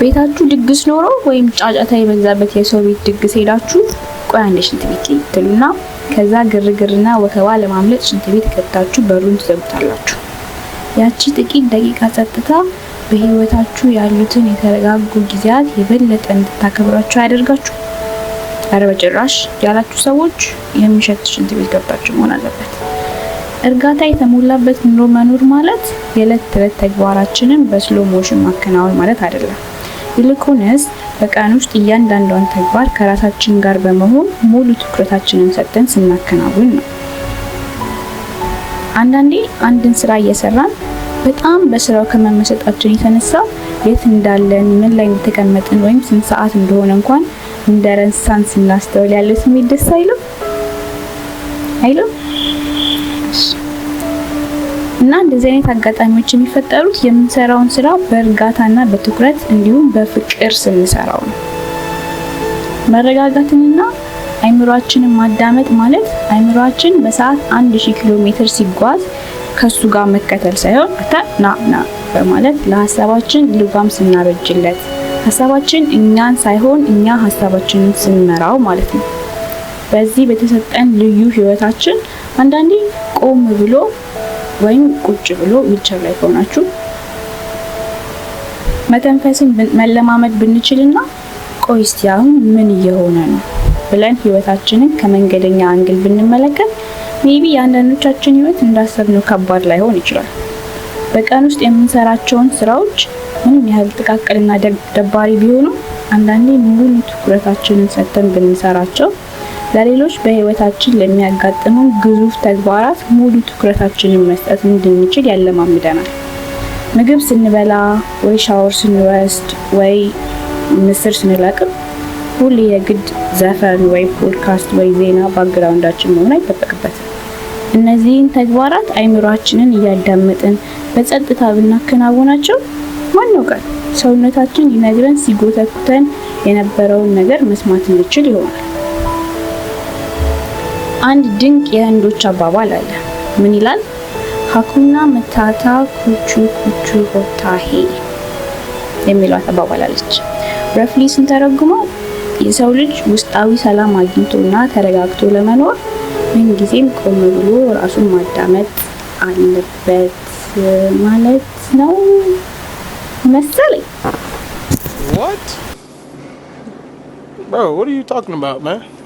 ቤታችሁ ድግስ ኖሮ ወይም ጫጫታ የበዛበት የሰው ቤት ድግስ ሄዳችሁ ቆይ አንዴ ሽንት ቤት ልትሉና ከዛ ግርግርና ወከባ ለማምለጥ ሽንት ቤት ገብታችሁ በሩን ትዘጉታላችሁ። ያቺ ጥቂት ደቂቃ ጸጥታ በህይወታችሁ ያሉትን የተረጋጉ ጊዜያት የበለጠ እንድታከብራችሁ አያደርጋችሁ? ኧረ በጭራሽ ያላችሁ ሰዎች የሚሸት ሽንት ቤት ገብታችሁ መሆን አለበት። እርጋታ የተሞላበት ኑሮ መኖር ማለት የዕለት ተዕለት ተግባራችንን በስሎ ሞሽን ማከናወን ማለት አይደለም። ይልቁንስ በቀን ውስጥ እያንዳንዷን ተግባር ከራሳችን ጋር በመሆን ሙሉ ትኩረታችንን ሰጥተን ስናከናውን ነው። አንዳንዴ አንድን ስራ እየሰራን በጣም በስራው ከመመሰጣችን የተነሳ የት እንዳለን፣ ምን ላይ እንደተቀመጥን ወይም ስንት ሰዓት እንደሆነ እንኳን እንደረሳን ስናስተውል ያለው ስሜት ደስ አይልም አይልም? እና እንደዚህ አይነት አጋጣሚዎች የሚፈጠሩት የምንሰራውን ስራ በእርጋታና በትኩረት እንዲሁም በፍቅር ስንሰራው ነው። መረጋጋትንና አይምሯችንን ማዳመጥ ማለት አይምሯችን በሰዓት ሺህ ኪሎ ሜትር ሲጓዝ ከሱ ጋር መከተል ሳይሆን ና ና በማለት ለሀሳባችን ልጓም ስናበጅለት ሀሳባችን እኛን ሳይሆን እኛ ሀሳባችንን ስንመራው ማለት ነው። በዚህ በተሰጠን ልዩ ህይወታችን አንዳንዴ ቆም ብሎ ወይም ቁጭ ብሎ ዊልቸር ላይ ከሆናችሁ መተንፈስን መለማመድ ብንችልና ቆይ እስቲ አሁን ምን እየሆነ ነው ብለን ህይወታችንን ከመንገደኛ አንግል ብንመለከት ሜቢ የአንዳንዶቻችን ህይወት እንዳሰብነው ከባድ ላይሆን ይችላል። በቀን ውስጥ የምንሰራቸውን ስራዎች ምንም ያህል ጥቃቅንና ደባሪ ቢሆኑ አንዳንዴ ሙሉ ትኩረታችንን ሰጥተን ብንሰራቸው ለሌሎች በህይወታችን ለሚያጋጥሙ ግዙፍ ተግባራት ሙሉ ትኩረታችንን መስጠት እንድንችል ያለማምደናል። ምግብ ስንበላ ወይ ሻወር ስንወስድ ወይ ምስር ስንለቅም ሁሌ የግድ ዘፈን ወይ ፖድካስት ወይ ዜና ባግራውንዳችን መሆን አይጠበቅበትም። እነዚህን ተግባራት አይምሯችንን እያዳመጥን በጸጥታ ብናከናውናቸው ማን ያውቃል ሰውነታችን ሊነግረን ሲጎተኩተን የነበረውን ነገር መስማት እንችል ይሆናል። አንድ ድንቅ የህንዶች አባባል አለ። ምን ይላል? ሀኩና መታታ ኩቹ ኩቹ ሆታሄ የሚሏት አባባል አለች። ረፍሊ ስንተረጉመው የሰው ልጅ ውስጣዊ ሰላም አግኝቶና ተረጋግቶ ለመኖር ምንጊዜም ቆም ብሎ ራሱን ማዳመጥ አለበት ማለት ነው መሰለኝ። What? Bro, what are you talking about, man?